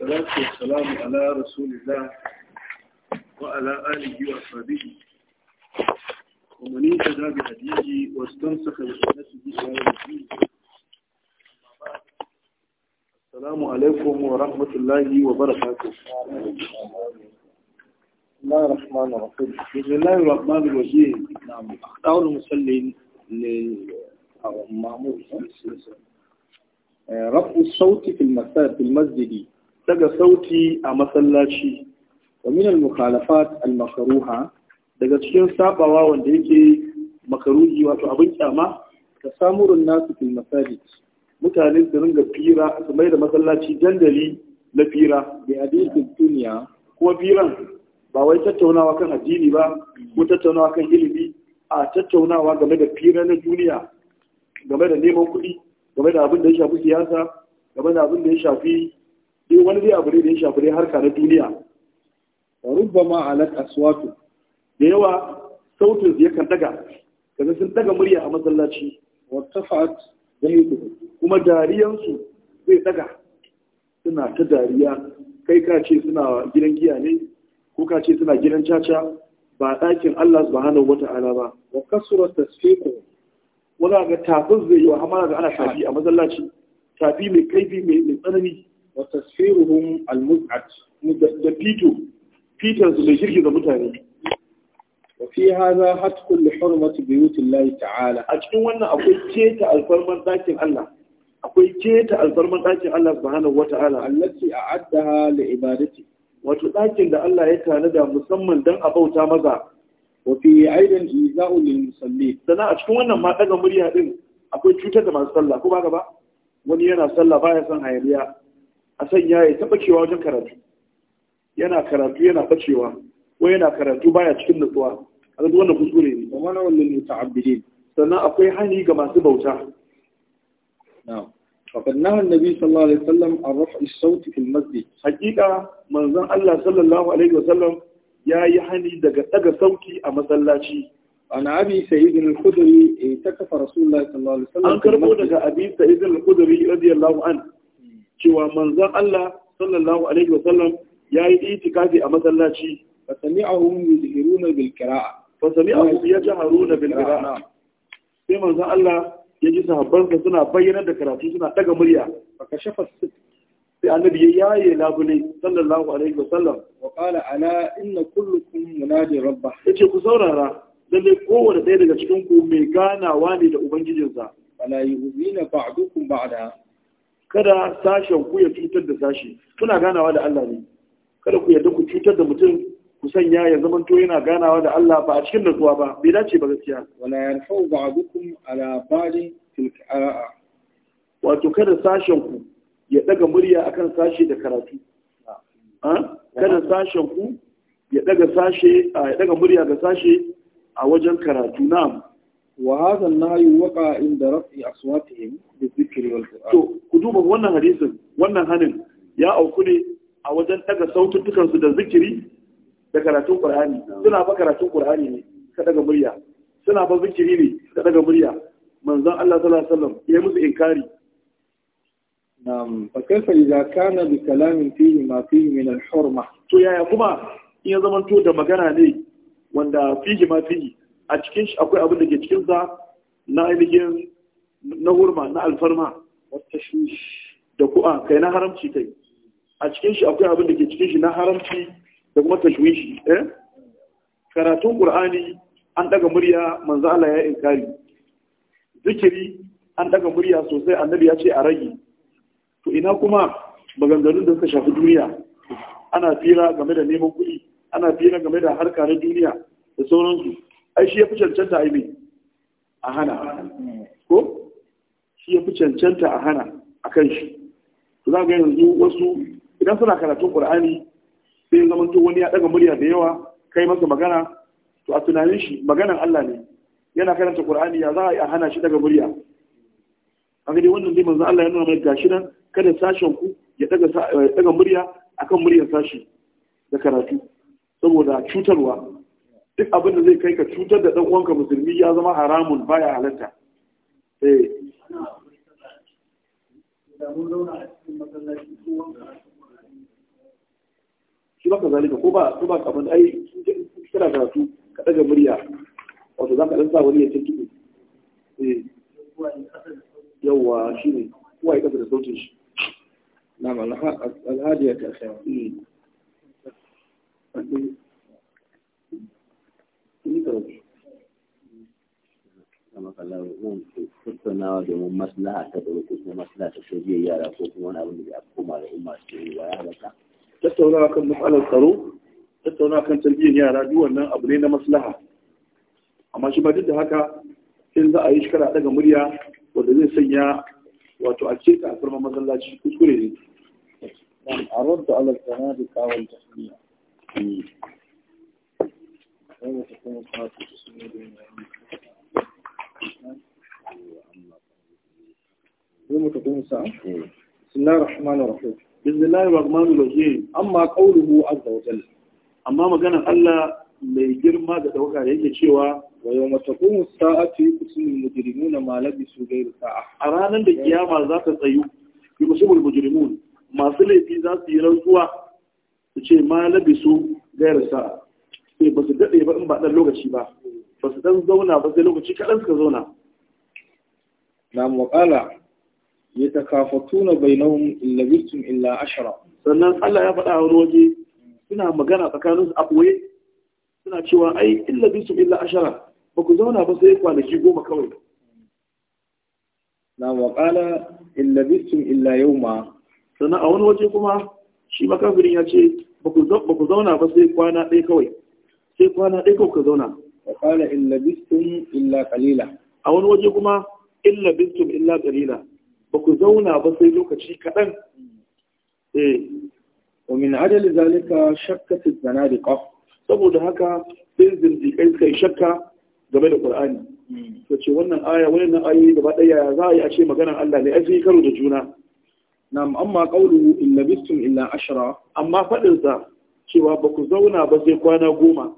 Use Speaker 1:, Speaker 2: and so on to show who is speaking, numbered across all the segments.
Speaker 1: والصلاة والسلام على رسول الله وعلى آله وأصحابه ومن اهتدى بهديه واستنسخ بسنته إلى الدين السلام عليكم ورحمة الله وبركاته بسم الله الرحمن الرحيم بسم الله الرحمن الرحيم نعم أخطاء المسلم للمعمول آه، رفع الصوت في المساء في المسجد daga sauti a masallaci wa min al-mukhalafat al-makruha daga cikin sabawa wanda yake makaruhi wato abin kyama ka samurun nasu fil masajid mutane su ringa fira su mai da masallaci dandali na fira bi hadisin duniya kuma firan ba wai tattaunawa kan addini ba ko tattaunawa kan ilimi a tattaunawa game da fira na duniya game da neman kuɗi game da abin da ya shafi siyasa game da abin da ya shafi dai wani dai abu ne da ya shafi dai harka na duniya ma a alat suwatu. da yawa sautin su yakan daga kaga sun daga murya a masallaci wa tafat yi kuma dariyansu zai daga suna ta dariya kai ka ce suna gidan giya ne ko ka ce suna gidan caca ba ɗakin Allah subhanahu wata'ala ba wa kasurar tasfiqu wala ga tafin zai yi wa hamara da ana tafi a masallaci tafi mai kaifi mai tsanani wa tasfiruhum al-muz'at da fito fitar su da da mutane wa fi hadha hatkul li hurmati buyutillahi ta'ala a cikin wannan akwai keta alfarman dakin Allah akwai keta alfarman dakin Allah subhanahu wata'ala allati a'addaha li ibadati wato dakin da Allah ya tanada musamman dan a bauta maza wa fi aidan iza'u lil musalli sana a cikin wannan ma daga murya din akwai cutar da masu sallah ko ba ka ba wani yana sallah baya son hayaniya a sanya ya taɓa cewa wajen karatu yana karatu yana bacewa ko yana karatu baya cikin nutsuwa a zai wannan kuskure ne kuma na wani ne ta'abbidi sannan akwai hani ga masu bauta na fa nahi annabi sallallahu an rafa sauti fil masjid hakika Allah sallallahu alaihi wasallam ya yi hani daga daga sauti a masallaci ana eh, sallallahu alaihi wasallam an karbo daga abi sayyidin al-khudri radiyallahu anhu cewa manzon Allah sallallahu alaihi wa sallam yayi itikafi a masallaci fa sami'ahum yuzhiruna bil qira'a fa sami'ahum yajharuna bil qira'a sai manzon Allah ya ji sahabbansa suna bayyana da karatu suna daga murya fa kashafa sai annabi ya yaye labule sallallahu alaihi wa sallam wa qala ala inna kullukum munadi rabbah yace ku saurara lalle kowanne ɗaya daga cikin ku mai ganawa ne da ubangijinsa wala yuzina ba'dukum ba'da kada sashen ku ya cutar da sashi kuna ganawa da Allah ne kada ku yarda ku cutar da mutum ku sanya ya zama to yana ganawa da Allah ba a cikin nutsuwa ba bai dace ba gaskiya wala yarfau ba'dukum ala ba'din tilka a'a wato kada sashen ku ya daga murya akan sashe da karatu ah. Ah? kada sashen ku ya daga sashe ah, ya daga murya ga sashe a wajen karatu na'am وهذا النهي وقع عند رفع اصواتهم بالذكر والقران to ku duba wannan hadisin wannan hanin ya auku ne a wajen daga dukan su da zikiri da karatun qur'ani suna ba karatun qur'ani ne ka daga murya suna ba zikiri ne ka daga murya manzon Allah sallallahu alaihi wasallam ya musu inkari nam fa kaifa idza kana bi kalamin fihi ma fihi min al-hurma to yaya kuma in ya zamanto da magana ne wanda fihi ma fihi a cikin shi akwai abin da ke cikin sa na ainihin na hurma na alfarma wata shi da ku'a kai na haramci kai a cikin shi akwai abin da ke cikin shi na haramci da kuma tashwishi eh karatun qur'ani an daga murya manzo Allah ya inkari zikiri an daga murya sosai annabi ya ce a rage to ina kuma maganganun da suka shafi duniya ana fira game da neman kuɗi ana fira game da harka na duniya da sauransu ai shi ya fi cancanta ai a hana ko shi ya fi cancanta a hana a kan shi to za ga yanzu wasu idan suna karatun ƙur'ani sai ya to wani ya daga murya da yawa kai masa magana to a tunanin shi maganan Allah ne yana karanta ƙur'ani ya za a hana shi daga murya A gani wannan zai manzan Allah ya nuna mai gashi nan kada sashen ku ya daga murya akan muryar sashi da karatu saboda cutarwa duk abin da zai kai ka cutar da ɗan uwanka musulmi ya zama haramun baya halatta eh shi ba ka zalika ko ba ko ba kaman ai da karatu ka ɗaga murya wato za ka ɗan sa wani ya tuntuɓe eh Yawwa shi ne kuwa ya ƙasa da sautin shi Na na'am alhadiya ta khair hmm. tattaunawa domin maslaha ta gaba ko kuma maslaha ta sojiya yara ko kuma wani abin da ya koma da umma su yi wa ya halaka tattaunawa kan matsalar tsaro tattaunawa kan tarbiyyar yara duk wannan abu ne na maslaha amma shi ba duk da haka in za a yi shekara daga murya wanda zai sanya wato a ce ta a masallaci kuskure ne a rabta ala tsanadika wal tahmiya يوم تكون الساعة بسم الله mai girma da dauka yake cewa wa yawma taqumu saatu mujrimuna ma labisu ghayra sa'a a ranar da kiyama za ta tsayu yuqsimu mujrimun masu laifi za su yi rantsuwa su ce ma labisu ghayra sai eh, ba su daɗe ba in ba ɗan lokaci ba ba su ɗan zauna ba sai lokaci kaɗan suka zauna na muƙala ya tuna bai bainahum illa bisum illa ashara sannan Allah ya faɗa wani waje suna magana tsakaninsu a ɓoye suna cewa ai illa bisum illa ashara ba ku zauna ba sai kwanaki goma kawai na waƙala illa bisum illa ma. sannan a wani waje kuma shi makafirin ya ce ba ku zauna ba sai kwana ɗaya kawai sai kwana ɗaya kawai ka zauna wa qala in labistum illa ƙalila. a wani waje kuma in labistum illa ƙalila. ba ku zauna ba sai lokaci kaɗan eh wa min ajali zalika shakkat da zanadiqa saboda haka sai zindiƙai kai-kai shakka game da Qur'ani to hmm. ce wannan aya wannan ayoyi gaba ɗaya za a yi a ce maganar Allah ne ai karo da juna na'am amma qawluhu in labistum illa ashra amma faɗinsa cewa ba ku zauna ba sai kwana goma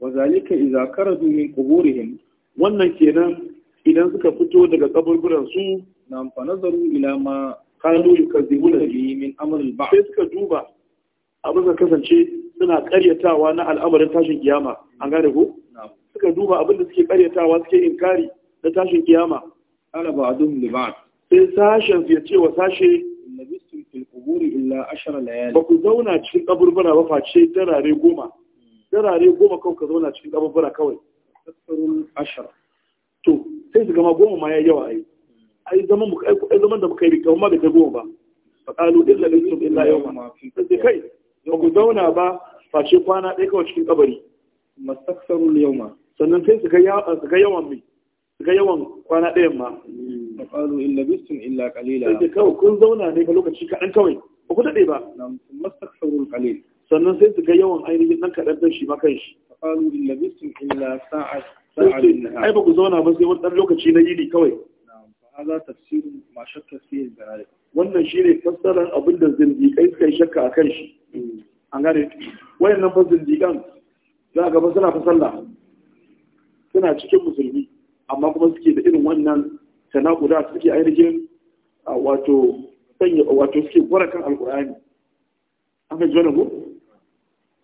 Speaker 1: wa zalika idza karadu min quburihim wannan kenan idan suka fito daga kaburburan su nam fa nazaru ila ma kanu yukazzibuna bi min amr al ba'd sai suka duba abin da kasance suna karyatawa na al'amarin tashin kiyama an gane ko suka duba abin da suke karyatawa suke inkari na tashin kiyama ala ba'dhum li ba'd sai sashen ya ce wa sashe sun fil quburi illa ashara layali ba ku zauna cikin kaburbura ba face tarare goma dirare goma kawai ka zauna cikin kaburbura kawai tasarun ashara to sai su gama goma ma ya yawa a yi. zaman mu ai zaman da muka yi kawai ma bai kai goma ba fa qalu illa lakum illa yawma sai kai ba ku zauna ba face kwana ɗaya kawai cikin kabari mastaksaru ma. sannan sai su ga su ga yawan mai su ga yawan kwana ɗayan ma fa qalu illa bistum illa qalila sai kai kun zauna ne ba lokaci kaɗan kawai ba ku daɗe ba mastaksaru ƙalila. sannan sai su ga yawan ainihin ɗan kaɗan ɗan shi ma kan shi. Faƙalu illa bisin illa sa'a sa'alin na. Ai ba ku zauna ba sai wani ɗan lokaci na yini kawai. Hada tafsirin ma shakka da rari. Wannan shi ne fassarar abin da zindiƙai suka yi shakka a kan shi. Hmm. An gane, wayannan fa zindiƙan za a gaba suna fa sallah. Suna cikin musulmi, amma kuma suke da irin wannan tanakuda suke ainihin wato sanya wato suke gwara kan alƙur'ani. An ga jona ko?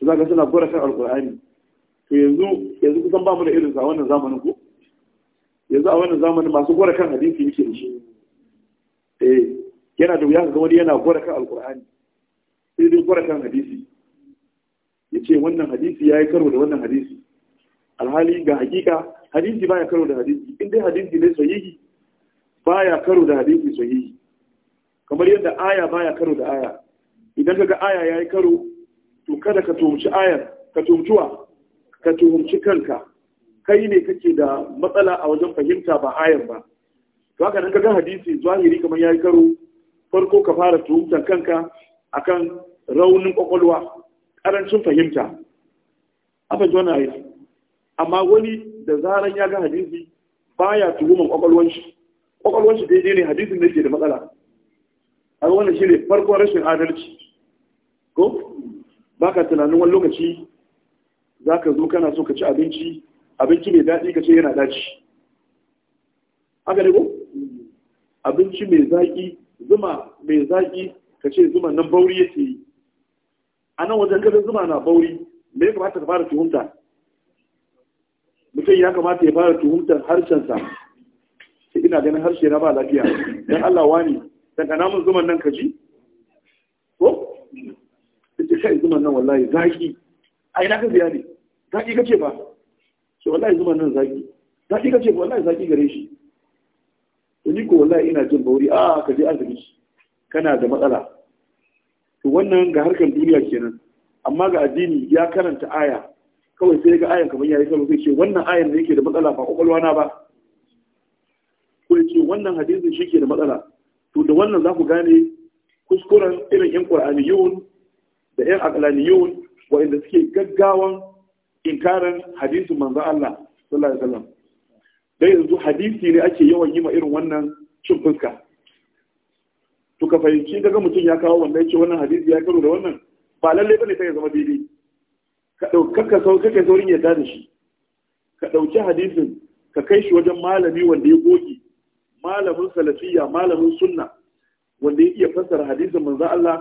Speaker 1: Za zaka suna gora kan alkur'ani to yanzu yanzu kusan ba mu da irin sa wannan zamanin ko yanzu a wannan zamanin masu gora kan hadisi yake da shi eh yana da wuya ga wani yana gora kan alkur'ani sai dai gora kan hadisi yace wannan hadisi yayi karo da wannan hadisi alhali ga hakika hadisi baya karo da hadisi in dai hadisi ne sahihi baya karo da hadisi sahihi kamar yadda aya baya karo da aya idan kaga aya yayi karo to kada ka tuhumci ayar ka tuhumci ka tuhumci kanka kai ne kake da matsala a wajen fahimta ba ayar ba to haka nan kaga hadisi zahiri kamar yayi karo farko ka fara tumtan kanka akan raunin kokolwa karancin fahimta abin wani yi. amma wani da zaran ya ga hadisi baya tuhuman kwakwalwan shi kwakwalwan shi daidai ne hadisin da ke da matsala a wannan shi ne farkon rashin adalci ko ba ka tunanin wani lokaci za ka zo kana so ka ci abinci abinci mai daɗi ka ce yana daci haka ne ko abinci mai zaƙi zuma mai zaƙi ka ce zuma nan bauri yake yi a nan wajen kada zuma na bauri me ya kamata ka fara tuhumta mutum ya kamata ya fara tuhumtar harshensa sai ina ganin harshe na ba lafiya don Allah wani kana mun zuman nan ka ji kai zuman nan wallahi zaki A ina ka biya ne zaki kace ba shi wallahi zuman nan zaki zaki kace ba wallahi zaki gare shi to ni ko wallahi ina jin bauri a ka je azumi kana da matsala to wannan ga harkar duniya kenan amma ga addini ya karanta aya kawai sai ga ayan kamar yayi kawai sai ce wannan ayan da yake da matsala ba kwakwalwa na ba ko ya ce wannan hadisin shi ke da matsala to da wannan za ku gane kuskuren irin yan qur'aniyun da yan aqlaniyun waɗanda suke gaggawan inkarin hadisin manzo Allah sallallahu alaihi wasallam dai yanzu hadisi ne ake yawan yi ma irin wannan cin fuska to ka fahimci daga mutum ya kawo wanda ya ce wannan hadisi ya karo da wannan ba lallai bane sai ya zama daidai ka ka sau kake saurin ya da shi ka ɗauki hadisin ka kai shi wajen malami wanda ya goge malamin salafiya malamin sunna wanda ya iya fassara hadisin manzo Allah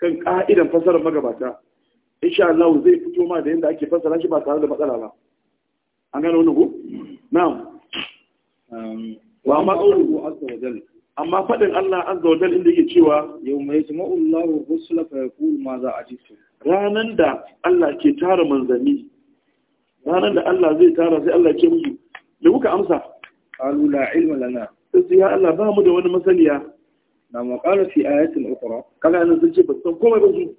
Speaker 1: kan ƙa'idan fasarar magabata insha Allah zai fito ma da yadda ake fasara shi ba tare da matsala ba an gano wani ku na'am um, wa amma qawluhu azza wa jalla amma faɗin Allah azza wa inda yake cewa yawma yasma'u Allahu rusula fa yaqulu ma za ajitu ranan da Allah ke tara manzanni ranan da Allah zai tara sai Allah ke musu da kuka amsa Alula la sai ya Allah ba mu da wani masaniya na maƙala fi ayatin ukra Kana yanzu sun ce ba san komai ba su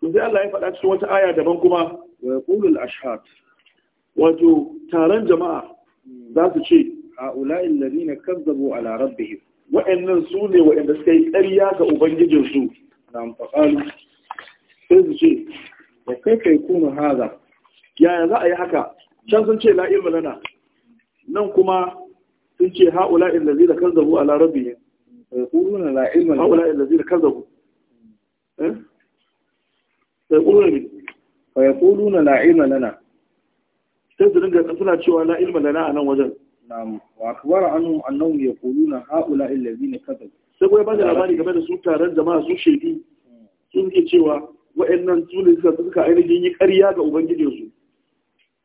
Speaker 1: to sai Allah ya faɗa cikin wata aya daban kuma wa yaqulu al-ashhad wato taron jama'a za su ce a ha'ula'i alladhina kazzabu ala rabbihim wa'annan su ne wa'anda suka yi ƙarya ga ubangijinsu na faƙalu sai su ce da kai kai kuna haza yaya za a yi haka can sun ce la'il malana nan kuma sun ce ha'ula'i alladhina kazzabu ala rabbihim ويقولون لا علم لنا هؤلاء الذين كذبوا ويقولون ويقولون لا علم لنا تدرن ga suna cewa la ilma lana a nan wajen na'am wa akbara sai kuma ba da labari game da su taron jama'a su shaidu sun ke cewa wa'annan su suka suka ainihin yi ƙarya ga ubangijinsu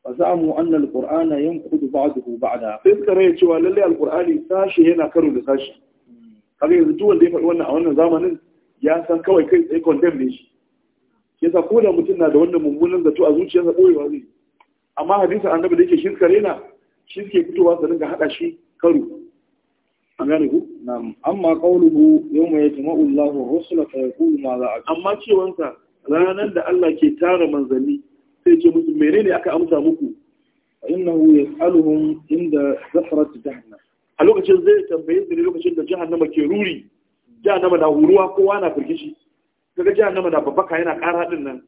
Speaker 1: fa za'amu anna alqur'ana yanqudu ba'dahu ba'da sai suka raya cewa lalle alqur'ani sashi yana karo da sashi kamar yanzu duk wanda ya faɗi wannan a wannan zamanin ya san kawai kai tsaye condemn ne shi yasa ko da mutum na da wannan mummunan zato a zuciyarsa ɓoyewa zai amma hadisin annabi da yake shirka rena shi suke fitowa su dinga haɗa shi karo an gane ku na'am amma qawluhu yawma yajma'u Allahu rusula fa yaqulu ma za amma cewansa ranar da Allah ke tara manzanni sai ce musu menene aka amsa muku fa innahu yas'aluhum inda ta jahannam a lokacin zai tambaye su ne lokacin da jahannama ke ruri jahannama na huruwa kowa na firgici kaga jahannama na babbaka yana ƙara din nan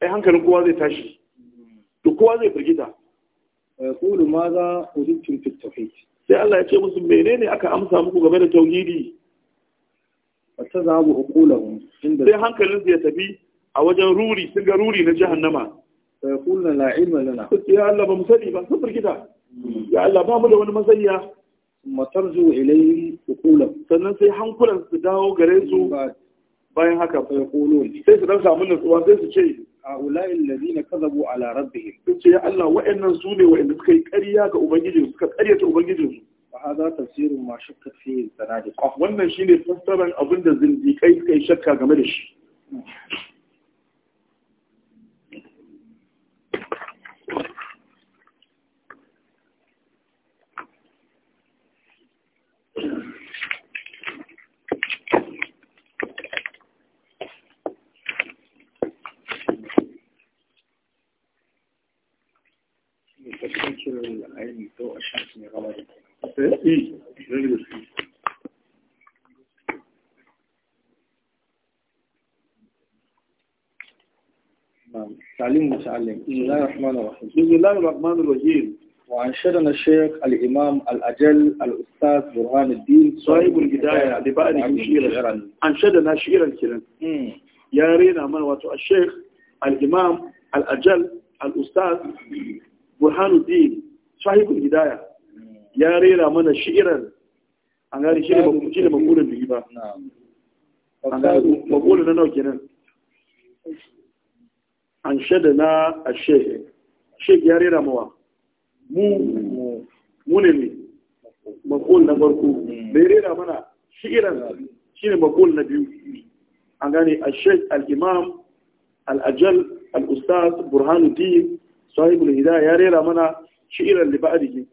Speaker 1: ai hankalin kowa zai tashi to kowa zai firgita qulu ma za ujibtum fi tauhid sai Allah ya ce musu menene aka amsa muku game da tauhidi wata za mu uqulahum sai hankalin su ya tafi a wajen ruri sun ga ruri na jahannama sai qulna la ilma lana ya Allah ba mu sani ba sun firgita ya Allah ba mu da wani masaniya Matar matarzu ilayhim hukulan sannan sai hankulan su dawo gare su bayan haka fa yaqulun sai su dan samu nutsuwa sai su ce a ulai alladhina kadhabu ala rabbihim sai ce ya Allah wa'annan su ne wa'anda suka yi ƙarya ga ubangiji suka ƙaryata ubangijin su fa hada tafsirun ma shakka fi zanadiqa wannan shine fassaran abinda suka yi shakka game da shi تعليم متعلم بسم الله الرحمن الرحيم بسم الله الرحمن الرحيم وأنشدنا الشيخ الإمام الأجل الأستاذ برهان الدين صاحب البداية لبعض شيرا أنشدنا شيرا الكلام يا رينا من واتو الشيخ الإمام الأجل الأستاذ برهان الدين sahibul hidaya ya rera mana shi'iran an gani shi ne shi ne makulin biyu ba an gari na nawa kenan an shaɗa na a shehe shehe ya rera mawa mu mu ne ne makul na farko mai mm. ya rera mana shi'iran shi ne makul na biyu an gani a shehe al-imam al-ajal al-ustaz burhanuddin sahibul hidaya ya rera mana shi'iran da ba'a ba'adihi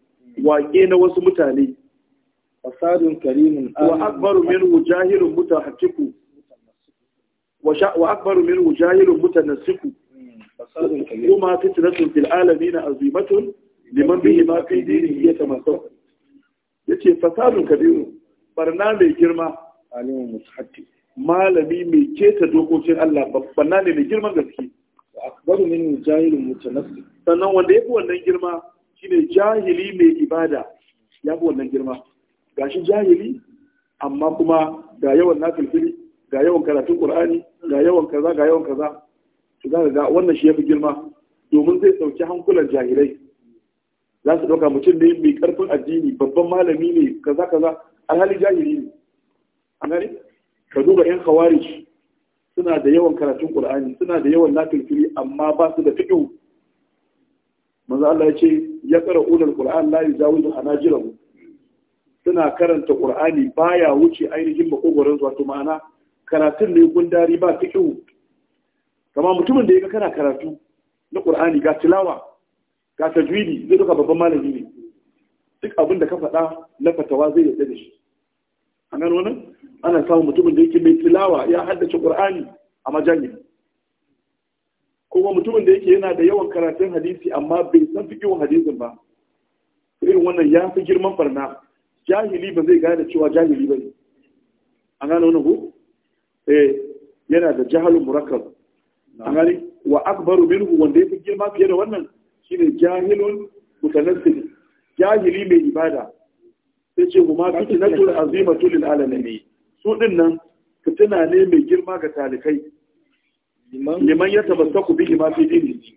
Speaker 1: waƙe na wasu mutane fasadun karimin wa akbaru minhu jahilun mutahaqqiqu wa akbaru minhu jahilun mutanassiqu fasadun karimin kuma fitnatun fil alamin azimatun liman bihi ma fi dinihi yatamassaku yace fasadun kabiru barna mai girma alimun mutahaqqiq malami mai keta dokokin Allah barna ne mai girman gaske akbaru min jahilun mutanassiq sannan wanda yafi wannan girma shine jahili mai ibada ya fi wannan girma ga shi jahili amma kuma ga yawan nafilfili ga yawan karatun ƙur'ani ga yawan kaza ga yawan kaza su za ga wannan shi ya fi girma domin zai ɗauki hankulan jahilai za su ɗauka mutum ne mai ƙarfin addini babban malami ne kaza kaza alhali jahili ne a gani ka duba yan khawarij suna da yawan karatun ƙur'ani suna da yawan nafilfili amma ba su da fiqh manzo Allah ya ce ya kara ulul qur'an la yuzawidu anajirahu suna karanta qur'ani baya wuce ainihin makogoron su wato ma'ana karatun ne gundari ba fiqhu kama mutumin da ya kana karatu na qur'ani ga tilawa ga tajwidi zai duka babban malami ne duk abin da ka faɗa na fatawa zai yadda da shi a nan wani ana samun mutumin da yake mai tilawa ya haddace qur'ani a majami'a kuma mutumin da yake yana da yawan karatun hadisi amma bai san fi yawan hadisin ba irin wannan ya fi girman barna jahili ba zai gane cewa jahili ba ne an gane wani hu? eh yana da jahalun murakkab an gane wa akbaru minhu wanda ya fi girma fiye da wannan shine jahilun mutanassili jahili mai ibada sai ce kuma fitnatul azimatu lil alamin su din nan fitina ne mai girma ga talikai liman ya tamassaku bihi ma fi dini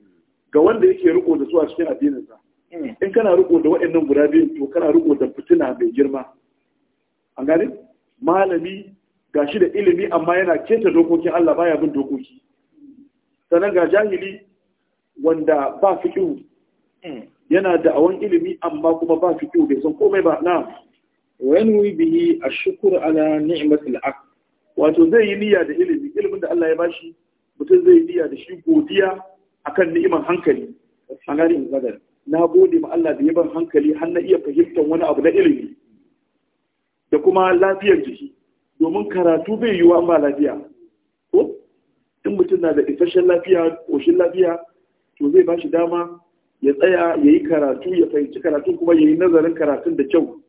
Speaker 1: ga wanda yake riko da su a cikin addininsa hmm. in kana riko da waɗannan guda biyu to kana riko da fitina mai girma an gane malami gashi da ilimi amma yana keta dokokin Allah baya bin dokoki sannan ga jahili wanda ba fiqhu hmm. yana da awan ilimi amma kuma ba fiqhu bai san komai ba na wayanwi bihi ashkur ala ni'matil aql wato zai yi niyya da ilimi ilimin da Allah ya bashi mutum zai biya da shi godiya akan ni'imar hankali a gani na gode ma Allah da ya ban hankali har na iya fahimtar wani abu na ilimi da kuma lafiyar jiki domin karatu bai yiwuwa ba lafiya ko in mutum na da isasshen lafiya koshin lafiya to zai ba shi dama ya tsaya ya yi karatu ya fahimci karatu kuma ya yi nazarin karatun da kyau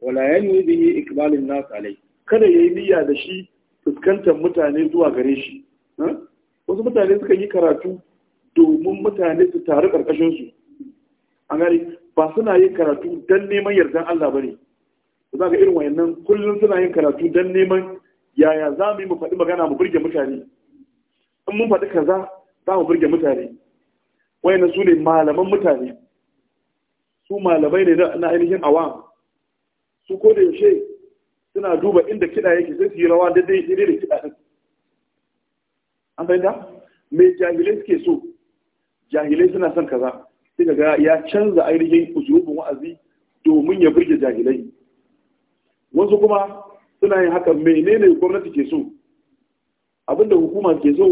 Speaker 1: wala ya yanwi yi ikbalin nasa alai kada ya yi niyya da shi fuskantar mutane zuwa gare shi wasu mutane suka yi karatu domin mutane su taru ƙarƙashinsu A gani ba suna yin karatu don neman yardan Allah ba ne za ka irin wayannan kullum suna yin karatu don neman yaya za mu yi mu faɗi magana mu burge mutane in mun faɗi kaza za mu burge mutane wayannan su ne malaman mutane su malamai ne na ainihin awam su ko da yaushe suna duba inda kiɗa yake sai su yi rawa daidai da kiɗa ɗin an fahimta me jahilai suke so jahilai suna son kaza sai ga ya canza ainihin usulubin wa'azi domin ya burge jahilai wasu kuma suna yin haka menene gwamnati ke so abinda hukuma ke so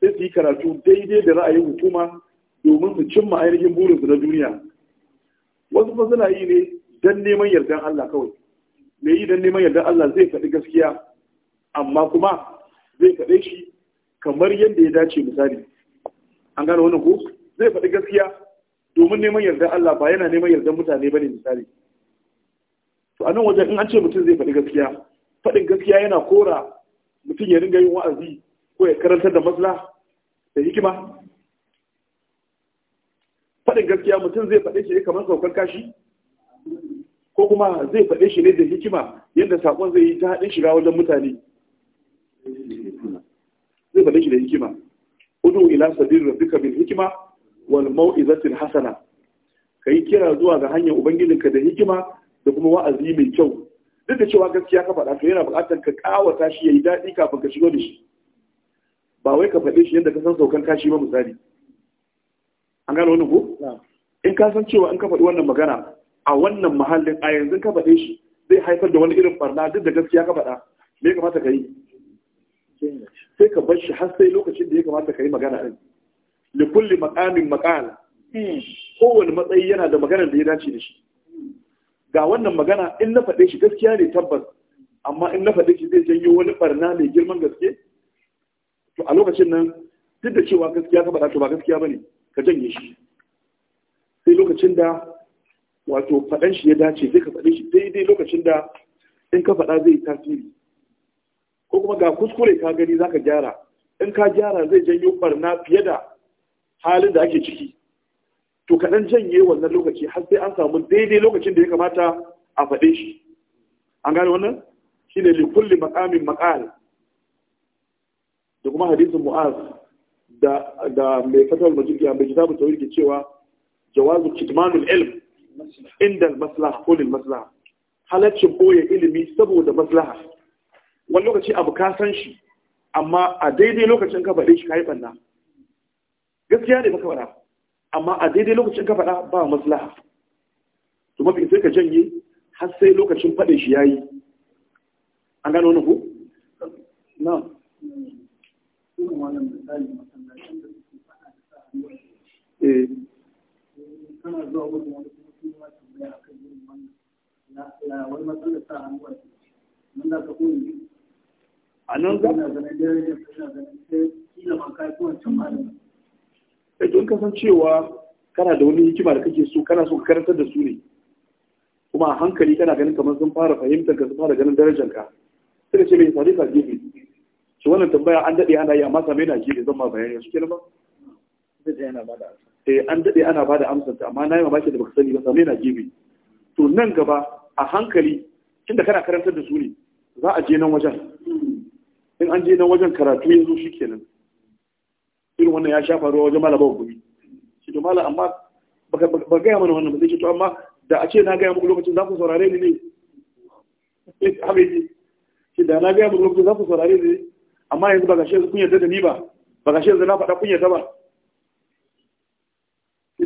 Speaker 1: sai su yi karatu daidai da ra'ayin hukuma domin su cimma ainihin burinsu na duniya wasu kuma suna yi ne don neman yardan Allah kawai mai yi don neman yardan Allah zai faɗi gaskiya amma kuma zai faɗe shi kamar yadda ya dace misali an gane wani ko zai faɗi gaskiya domin neman yardar Allah ba yana neman yardar mutane ba ne, misali to anan wajen in an ce mutum zai faɗi gaskiya faɗin gaskiya yana kora mutum ya ringa yin wa'azi ko ya karantar da masla da hikima faɗin gaskiya mutum zai faɗe shi ne kamar saukar kashi ko kuma zai faɗe shi ne da hikima yadda saƙon zai yi ta haɗin shiga wajen mutane zai faɗe shi da hikima udu ila sabir rabbika bil hikima wal mau'izatil hasana kai kira zuwa ga hanyar ubangijinka da hikima da kuma wa'azi mai kyau duk da cewa gaskiya ka faɗa to yana buƙatar ka ƙawata shi yayi daɗi kafin ka shigo da shi ba wai ka faɗe shi yadda ka san saukan kashi ba misali an gano wannan ko in ka san cewa in ka faɗi wannan magana a wannan muhallin a yanzu ka faɗe shi zai haifar da wani irin barna duk da gaskiya ka faɗa me ya kamata ka yi sai ka bar shi har sai lokacin da ya kamata ka yi magana din Da kulli makamin maqal hmm. kowane matsayi yana da maganar da ya dace da shi ga wannan magana in na faɗe shi gaskiya ne tabbas amma in na faɗe shi zai janyo wani ɓarna mai girman gaske to a lokacin nan duk da cewa gaskiya ka faɗa to ba gaskiya ba ne, ka janye shi sai lokacin da wato faɗan shi ya dace sai ka faɗe shi daidai lokacin da in ka faɗa zai tasiri ko kuma ga kuskure ka gani zaka gyara in ka gyara zai janyo barna fiye da halin da ake ciki to kaɗan janye wannan lokaci har sai an samu daidai lokacin da ya kamata a faɗe shi an gane wannan shine li kulli maqamin maqal da kuma hadisin mu'az da da mai fatawar majiya mai kitabu tawhid ke cewa jawazu kitmanul ilm inda al maslaha ko maslaha halaccin boye ilimi saboda maslaha wani lokaci abu ka san shi amma a daidai lokacin ka faɗe shi ka yi ɓanna gaskiya ne maka faɗa amma a daidai lokacin ka faɗa ba maslaha to mafi sai ka janye har sai lokacin faɗe shi ya yi an gano wani ku? na eh wani kuma wani matsalar sa hannuwa mun da ka koyi a nan ga da don kasancewa kana da wani hikima da kake so kana so ka karantar da su ne kuma a hankali kana ganin kamar sun fara fahimtar ka sun fara ganin darajar ka da ce mai sadiq a gefe shi wannan tambaya an daɗe ana yi amma same na gefe zan ma bayani su kenan ba eh an daɗe ana ba amsar ta amma na yi mamaki da baka sani ba same na gefe to nan gaba a hankali tunda kana karantar da su ne za a je nan wajen in an je na wajen karatu ya zo kenan, irin wannan ya sha faruwa wajen malaba gumi shi to malam amma ba gaya mana wannan ba zai ce to amma da a ce na gaya muku lokacin za ku saurare ni ne eh, habeji shi da na gaya muku lokacin za ku saurare ni ne amma yanzu ba ga shi kun yarda da ni ba ba ga shi yanzu na faɗa kun yarda ba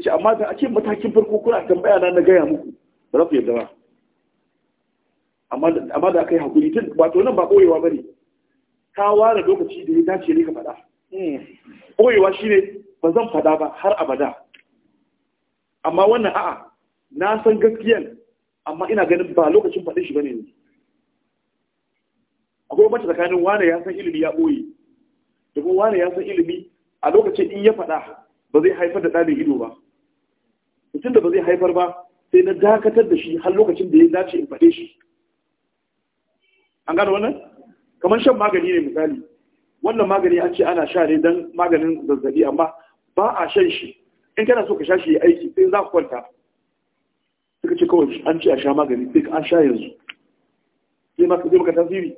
Speaker 1: ce amma da a ce matakin farko kuna tambaya na na gaya muku ba za ku yarda ba amma da aka yi hakuri tun wato nan ba ɓoyewa ba ne ka ware lokaci da ya dace ne ka faɗa koyewa hmm. ne, ba zan faɗa ba har abada amma wannan a'a na san gaskiyan amma ina ganin ba lokacin faɗin shi bane ne akwai mace tsakanin wane ya san ilimi ya ɓoye da kuma wane ya san ilimi a lokacin in ya faɗa ba zai haifar da ɗalin ido ba mutum da ba zai haifar ba sai na dakatar da shi har lokacin da ya dace in faɗe shi an gano wannan kamar shan magani ne misali wannan magani an ce ana sha ne don maganin zazzabi amma ba a shan shi in kana so ka sha shi ya aiki sai za ku kwanta suka ce kawai an ce a sha magani sai an sha yanzu sai maka zai maka tasiri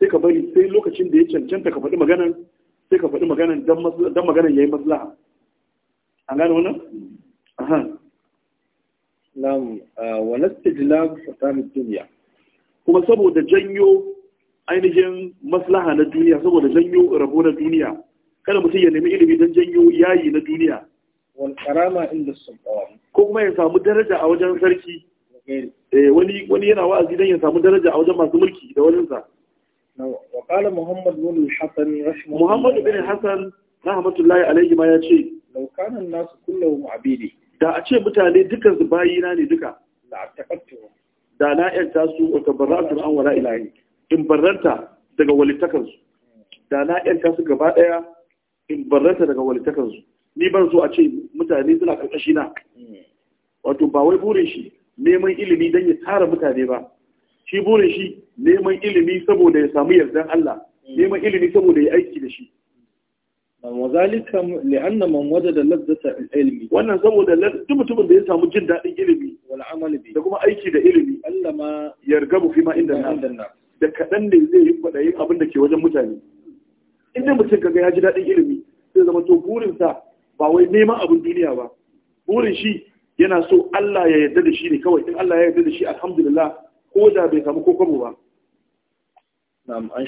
Speaker 1: sai ka bari sai lokacin da ya cancanta ka faɗi maganan sai ka faɗi maganan don maganan ya yi maslaha an gane wannan? Na'am, ah, wa nastijlab fatamid duniya. Kuma saboda janyo ainihin maslaha na duniya saboda janyo rabo na duniya kada mutum ya nemi ilimi don janyo yayi na duniya wal karama inda sultan ko kuma ya samu daraja a wajen sarki eh wani wani yana wa'azi dan ya samu daraja a wajen masu mulki da wajen sa wa qala muhammad bin hasan rahimahu muhammad bin hasan rahmatullahi Alayhi ma yace law kana an-nas kulluhum abidi da a ce mutane dukan su bayina ne duka la taqattu da na yanta su wa tabarratu an wala ilahi in barranta daga walittakansu da na yan su gaba daya in barranta daga walittakansu ni ban so a ce mutane suna karkashi na wato ba wai burin shi neman ilimi don ya tara mutane ba shi burin shi neman ilimi saboda ya samu yardan Allah neman ilimi saboda ya aiki da shi li'anna man wannan saboda duk mutumin da ya samu jin daɗin ilimi da kuma aiki da ilimi yarga mu fi ma inda na da kaɗan ne zai yi kwaɗayin abin da ke wajen mutane inda mutum kaga ya ji daɗin ilimi zai zama to burinsa ba wai neman abin duniya ba burin shi yana so Allah ya yarda da shi ne kawai in Allah ya yarda da shi alhamdulillah ko da bai samu ko kwabo ba An na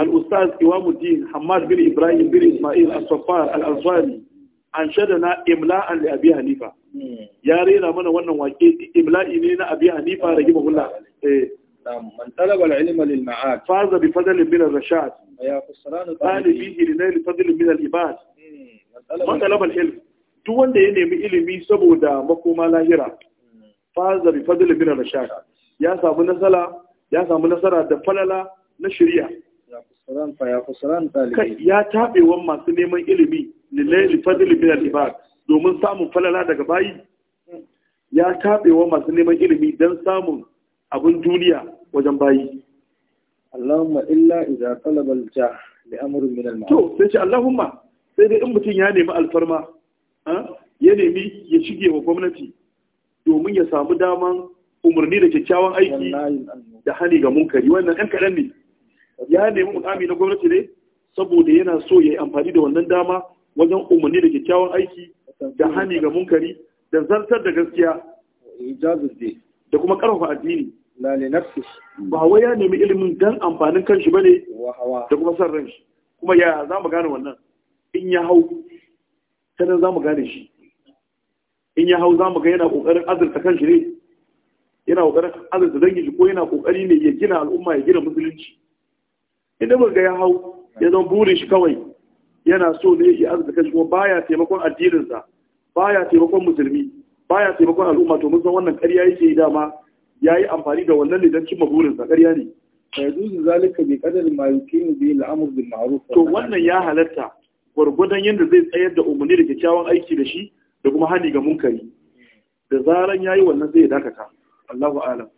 Speaker 1: al-ustaz iwamuddin hamad bin ibrahim bin ismail حماد safar al بن an shirya na imla'an إملاء abi hanifa ya rera mana wannan wake imla'i ne na abi hanifa rahimahullah eh man talaba al-ilma lil ma'ad faza bi fadlin min ar-rashad ya fassarana talibi ilayhi fadlin min al-ibad hmm, man talaba al-ilm duk wanda ya nemi ilimi saboda makoma lahira faza bi fadlin min ar-rashad ya samu nasara ya samu nasara da falala na shari'a ya fassarana talibi ya tabewan masu neman ilimi lillahi fadlin min al-ibad domin samun falala daga bayi ya taɓewa masu neman ilimi don samun abin duniya wajen bayi Allahumma illa idza talaba al-jah li amrin min al-ma'ruf to sai ce Allahumma sai dai in mutum ya nemi alfarma ya nemi ya shige wa gwamnati domin ya samu daman umarni da kyakkyawan aiki da hani ga munkari wannan ɗan kaɗan ne ya nemi mukami na gwamnati ne saboda yana so ya yi amfani da wannan dama wajen umarni da kyakkyawan aiki da hani ga munkari da zartar da gaskiya da kuma karfafa addini ba wai ya nemi ilimin dan amfanin kanshi bane da kuma san ran shi kuma ya za mu gane wannan in ya hau sanan za mu gane shi in ya hau za mu ga yana kokarin azurta kanshi ne yana kokarin azurta dangin shi ko yana kokari ne ya gina al'umma ya gina musulunci idan mu ga ya hau ya zama burin shi kawai yana so ne ya arzika shi kuma baya taimakon addininsa baya taimakon musulmi baya taimakon al'umma to mun san wannan ƙarya yake yi dama ya yi amfani da wannan ne don cimma burinsa ƙarya ne fa yajuzu zalika bi qadar mai bi la'amur bin ma'ruf to wannan ya halatta gwargwadon yadda zai tsayar da umarni da kyakkyawan aiki da shi da kuma hani ga munkari da zaran yi wannan zai dakata Allahu a'lam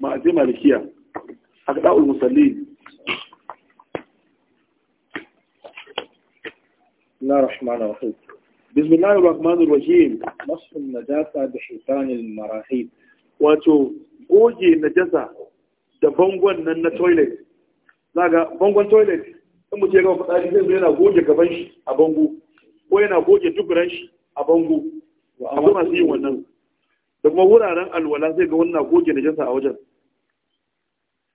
Speaker 1: ma'azin malikiya أقداء المصلين بسم الله الرحمن الرحيم بسم الله الرحمن الرحيم نصف النجاسة بحيطان المراحيب wato goge najasa da bangon nan na toilet ga bangon toilet in mu mutum ya gama fitsari zai zo yana goge gaban shi a bango ko yana goge duburan shi a bango akwai masu yin wannan da kuma wuraren alwala zai ga wannan goge na najasa a wajen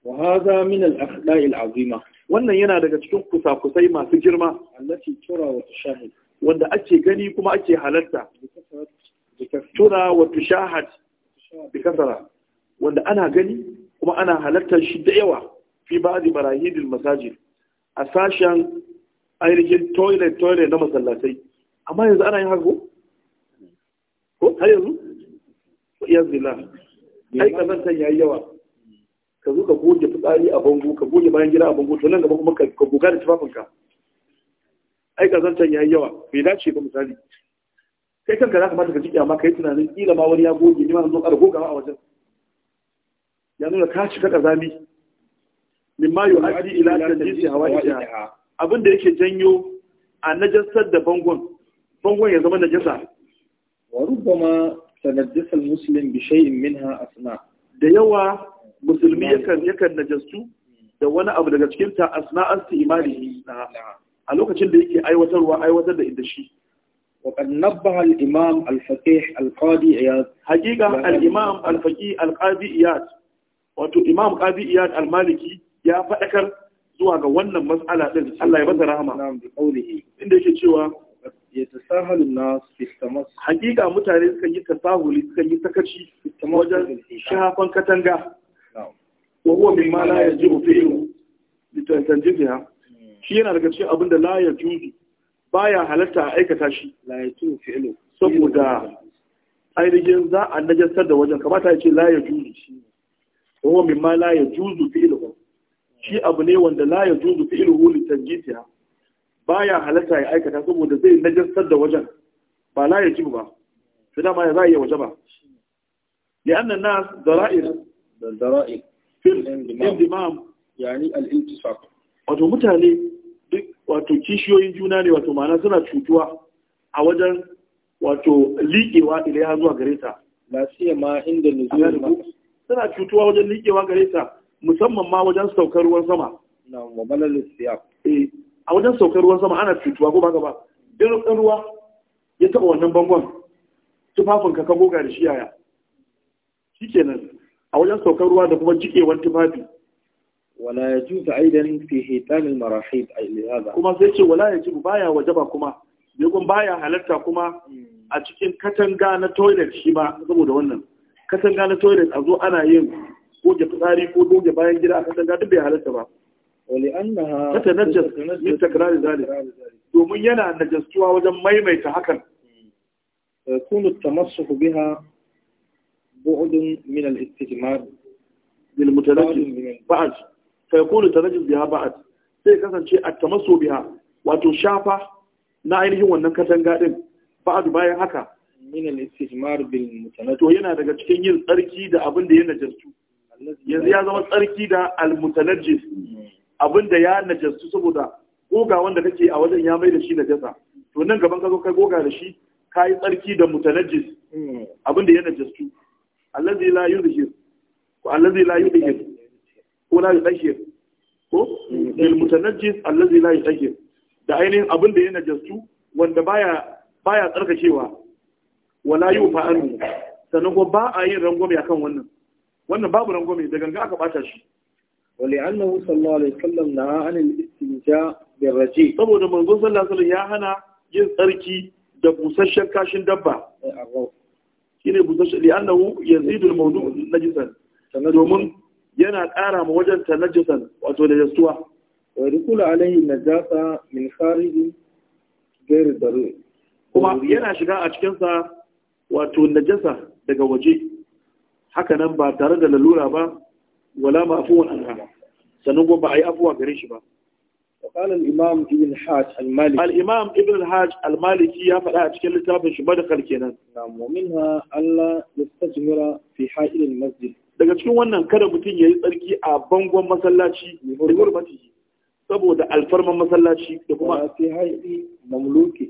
Speaker 1: wa hadha min al-akhla'i wannan yana daga cikin kusa-kusai masu girma allati tura wa tushahid wanda ake gani kuma ake halarta tura wa tushahad bi kasara wanda ana gani kuma ana halartar shi da yawa fi ba'di marahidil masajid a sashen ainihin toilet toilet na masallatai amma yanzu ana yin haka ko har yanzu ya zila ai kazantan yayi yawa ka zo ka goge fitsari a bango ka goge bayan gida a bango to nan gaba kuma ka goga da tufafinka ai ka ya yi yawa bai dace ba misali kai kanka za ka mata ka ji kyama ka yi tunanin kila ma wani ya goge ni ma zo ƙara gogawa a wajen ya nuna ka shiga kazami min ma yu'addi ila tanjisi hawaiha Abinda da yake janyo a najasar da bangon bangon ya zama najasa wa rubbama tanajjasa al-muslim bi shay'in minha asna da yawa musulmi yakan yakan najastu da wani abu daga cikin ta asna astimali a lokacin da yake aiwatarwa aiwatar da inda shi وقد نبه الإمام الفقيه القاضي إياد حقيقة الإمام al القاضي إياد wato imam qadi iyad al-maliki ya faɗakar zuwa ga wannan mas'ala din Allah ya bada rahama inda yake cewa ya nas fi tamas hakika mutane suka yi tasahuli suka yi sakaci wajen shafan katanga wa huwa mimma la yajibu fi'lu litanjiziha shi yana daga cikin abin da la yajuzu baya halatta a aikata shi la yajuzu fi'lu saboda ainihin za a najasar da wajen kamata ya ce la yajuzu shi wa huwa mimma la yajuzu fi'lu shi abu ne wanda la yajuzu fi'lu litanjiziha baya halatta ya aikata saboda zai najasar da wajen ba la yajibu ba sai dama ya za a iya waje ba li'anna nas dara'ir dara'ir indimam yani al wato mutane duk wato kishiyoyin juna ne wato ma'ana suna cutuwa a wajen wato liƙewa ilai ha zuwa gare ta la ma inda nuzul suna cutuwa wajen liƙewa gare ta musamman ma wajen saukar ruwan sama na'am wa balal eh a wajen saukar ruwan sama ana cutuwa ko baka ba irin ruwa ya taɓa wannan bangon tufafin ka ka goga da shi yaya shikenan a wajen saukar ruwa da kuma jikewar tufafi wala ya juzu aidan fi hitanin marahid a ilhaza kuma sai ce wala ya ji baya ba kuma yagun baya halarta kuma a cikin katanga na toilet shi ba saboda wannan katanga na toilet a zo ana yin goge fitsari ko goge bayan gida a katanga duk bai halarta ba wali kata na min takrari zalik domin yana najastuwa wajen maimaita hakan ta masu biha بعد من الاستجمار للمتنجم بعد فيكون التنجم بها بعد sai kasance a tamaso biha wato shafa na ainihin wannan katanga din ba'adu bayan haka min al-istijmar bil yin tsarki ya yanzu ya zama tsarki da al-mutanajjis abin da ya najartu saboda goga wanda kake a wajen ya bai da shi najasa to nan gaban ka kai goga da shi kayi tsarki da mutanajjis abin ya najartu الذي لا yudhir ko allazi la yudhir ko la ko lil mutanajjis allazi la yudhir da ainihin abin da yana najastu wanda baya baya tsarkakewa wala yufa anhu sannan ko ba a yin rangwame akan wannan wannan babu rangwame da ganga aka bata shi sallallahu alaihi wasallam na an al istinja bil بالرجيء saboda manzon sallallahu alaihi wasallam ya hana yin tsarki da busasshen kashin dabba shine busasshe li'annahu yazidu al-mawdu najisan domin yana ƙara ma wajen ta najisan wato da jasuwa wa yadkhulu alayhi najasa min kharijin ghair daru kuma yana shiga a cikin sa wato najasa daga waje haka nan ba tare da lalura ba wala ma'fuwan anha sannan ba a yi afuwa gare shi ba وقال الإمام ابن الحاج المالكي الإمام ابن الحاج المالكي يا فلا أشكال لتابع شبادة خلقنا نعم ومنها ألا يستجهر في حائل المسجد daga cikin wannan kada mutum ya yi tsarki a bangon masallaci da gurbati saboda alfarman masallaci da kuma fi haidi mamluki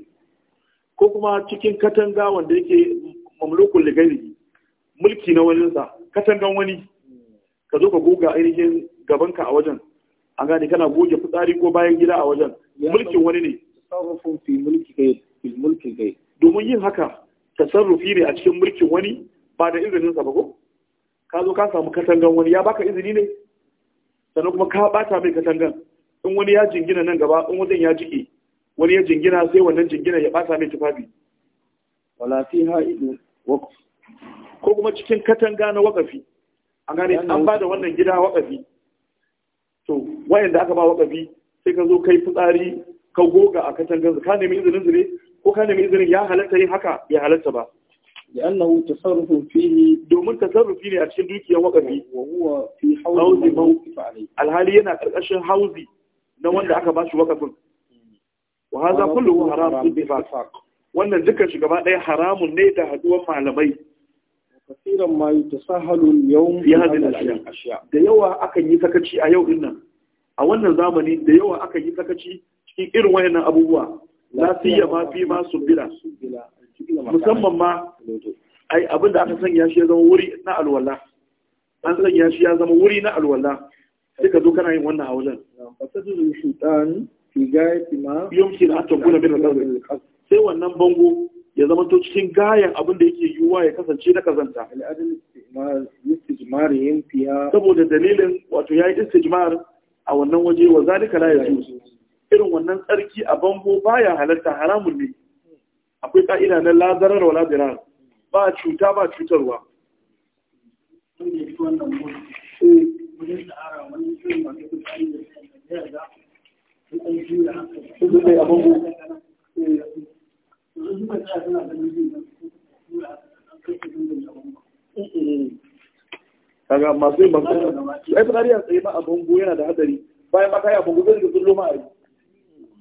Speaker 1: ko kuma cikin katanga wanda yake mamlukul ligari mulki na wani katangan wani ka zo ka goga ainihin gabanka a wajen an gani kana goge fitsari ko bayan gida a wajen mulkin wani ne domin yin haka tasarrufi ne a cikin mulkin wani ba da izinin sa ba ko ka zo ka samu katangan wani ya baka izini ne sannan kuma ka bata mai katangan in wani ya jingina nan gaba in wajen ya jike wani ya jingina sai wannan jingina ya bata mai tufafi wala fiha idu waqf ko kuma cikin katanga na wakafi an gane an bada wannan gida wakafi So, wayan da aka ba wa kabi sai ka zo kai fitsari ka goga a katangar ka nemi izinin zure ko ka nemi izinin ya halatta yin haka ya halatta ba ya annahu tasarrufu fihi domin tasarrufi ne a cikin dukiyar wakafi wa huwa fi hawzi mawqif alai alhali yana karkashin hauzi na wanda aka ba shi wakafin wa hadha kulluhu haram bi wannan dukkan shi gaba haramun ne da haduwar malamai kasiran ma yi ta fi hadhihi al-ashya da yawa akan yi sakaci a yau dinnan a wannan zamani da yawa akan yi sakaci cikin irin wayannan abubuwa la ma fi ma subila musamman ma ai abinda aka sanya shi ya zama wuri na alwala an sanya shi ya zama wuri na alwala sai ka zo kana yin wannan a wajen fasadu ma yumkin an tabbuna min sai wannan bango ya zama to cikin gayan abin da yake yiwuwa ya kasance na kazanta saboda dalilin wato ya yi istijmar a wannan waje wa zalika la yaju irin wannan tsarki a bango baya halarta haramun ne akwai ka'ida na lazarar wala dirar ba cuta ba cutarwa ga masu yin bango ai fitsari a tsaye ba a bango yana da hadari bayan ma kai a bango zai riga tsullo ma a yi eh.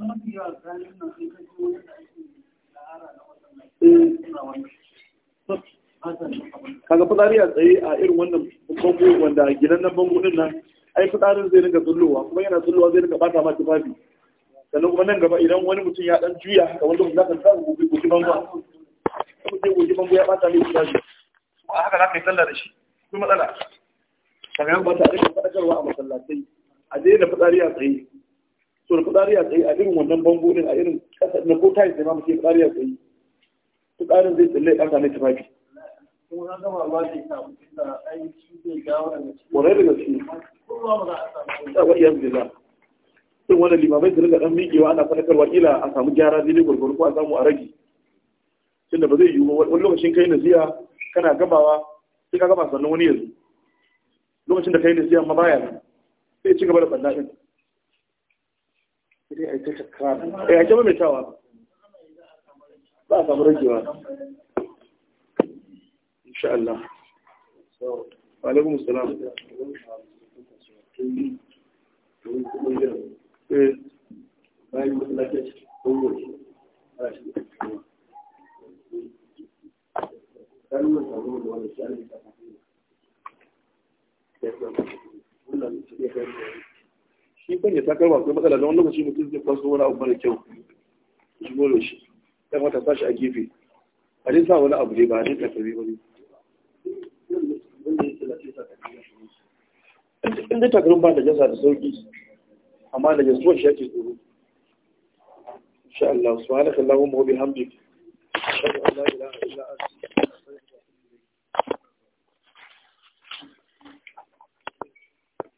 Speaker 1: kaga fitsari a tsaye a irin wannan bango wanda gidan nan bango din nan ai fitsarin zai riga zulluwa, kuma yana zulluwa zai riga bata ma tufafi sannan kuma nan gaba idan wani mutum ya dan juya haka wanda mutum zaka sa gobe gobe bango mutum gobe bango ya bata mai tufafi kuma haka za yi sallah da shi kuma matsala sannan ta fadakarwa a masallatai a da fitsari a tsaye so da a tsaye a irin wannan bango a irin na ko tayi sai ma muke a tsaye zai tsalle da za sun wani limamai su rinka ɗan miƙewa ana fadakarwa ila a samu gyara daidai gwargwaro ko a samu a rage tunda ba zai yiwu wani lokacin kai nasiha kana gabawa sai ka gaba sannan wani yanzu lokacin da yi ne siyan ma baya nan sai ci gaba da banda din sai ai ta takara eh ake mai tawa ba a samu ragewa insha Allah wa alaikum assalam Thank you. shi kan ya takarwa akwai matsala don wani lokaci mutum zai kwaso wani abu mara kyau shi goro shi ya mata sa shi a gefe a dai sa wani abu ne ba a dai takarwa ba ne in dai takarwa ba da jasa da sauki amma da jasuwar shi ake tsoro insha Allah subhanaka Allahumma wa bihamdika ashhadu an la ilaha illa anta